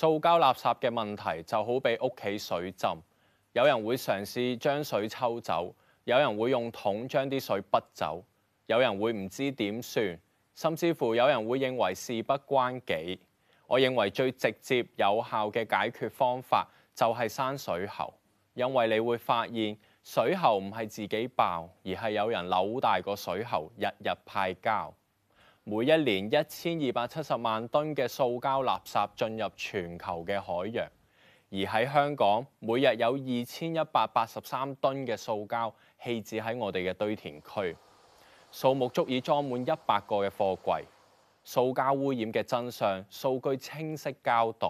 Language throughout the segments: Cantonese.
塑膠垃圾嘅問題就好比屋企水浸。有人會嘗試將水抽走，有人會用桶將啲水撥走，有人會唔知點算，甚至乎有人會認為事不關己。我認為最直接有效嘅解決方法就係閂水喉，因為你會發現水喉唔係自己爆，而係有人扭大個水喉，日日派膠。每一年一千二百七十萬噸嘅塑膠垃圾進入全球嘅海洋，而喺香港，每日有二千一百八十三噸嘅塑膠棄置喺我哋嘅堆填區，數目足以裝滿一百個嘅貨櫃。塑膠污染嘅真相，數據清晰交代。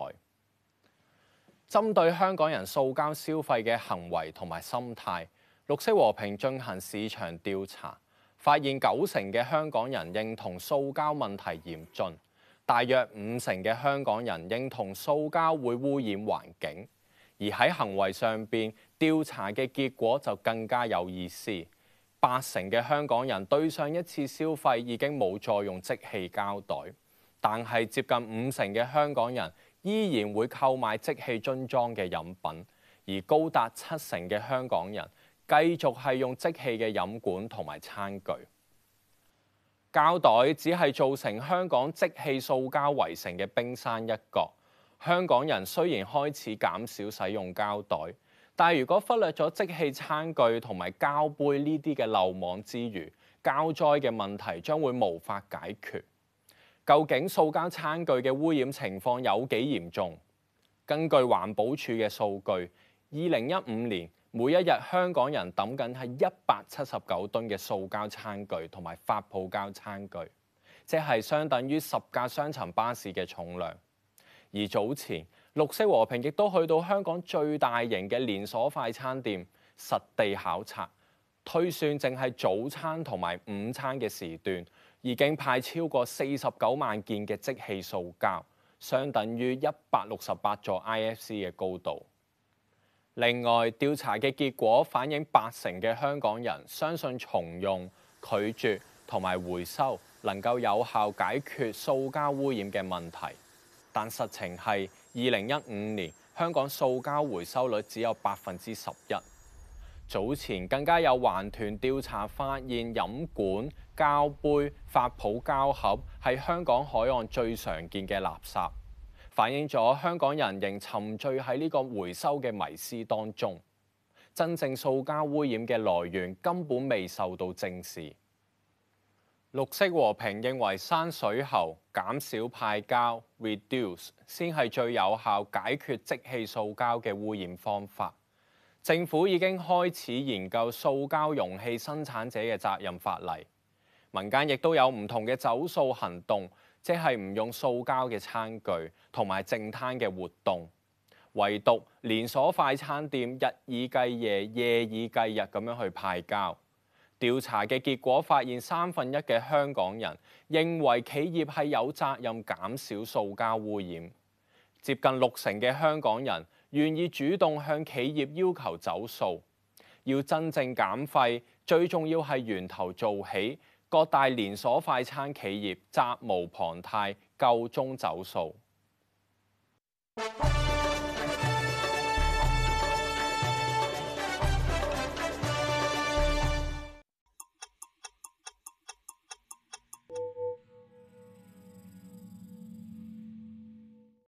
針對香港人塑膠消費嘅行為同埋心態，綠色和平進行市場調查。發現九成嘅香港人認同塑膠問題嚴峻，大約五成嘅香港人認同塑膠會污染環境。而喺行為上邊，調查嘅結果就更加有意思。八成嘅香港人對上一次消費已經冇再用即棄膠袋，但係接近五成嘅香港人依然會購買即棄樽裝嘅飲品，而高達七成嘅香港人，繼續係用即棄嘅飲管同埋餐具、膠袋，只係造成香港即棄塑膠圍城嘅冰山一角。香港人雖然開始減少使用膠袋，但如果忽略咗即棄餐具同埋膠杯呢啲嘅漏網之魚，膠災嘅問題將會無法解決。究竟塑膠餐具嘅污染情況有幾嚴重？根據環保署嘅數據，二零一五年每一日香港人抌緊係一百七十九噸嘅塑膠餐具同埋發泡膠餐具，即係相等於十架雙層巴士嘅重量。而早前綠色和平亦都去到香港最大型嘅連鎖快餐店實地考察，推算淨係早餐同埋午餐嘅時段，已經派超過四十九萬件嘅即棄塑膠，相等於一百六十八座 IFC 嘅高度。另外，調查嘅結果反映八成嘅香港人相信重用、拒絕同埋回收能夠有效解決塑膠污染嘅問題，但實情係二零一五年香港塑膠回收率只有百分之十一。早前更加有環團調查發現，飲管、膠杯、發泡膠盒係香港海岸最常見嘅垃圾。反映咗香港人仍沉醉喺呢個回收嘅迷思當中，真正塑膠污染嘅來源根本未受到正視。綠色和平認為，山水喉減少派膠 （reduce） 先係最有效解決即棄塑膠嘅污染方法。政府已經開始研究塑膠容器生產者嘅責任法例，民間亦都有唔同嘅走塑行動。即係唔用塑膠嘅餐具同埋淨灘嘅活動，唯獨連鎖快餐店日以繼夜、夜以繼日咁樣去派膠。調查嘅結果發現，三分一嘅香港人認為企業係有責任減少塑膠污染，接近六成嘅香港人願意主動向企業要求走塑。要真正減廢，最重要係源頭做起。各大連鎖快餐企業責無旁貸，夠鐘走數。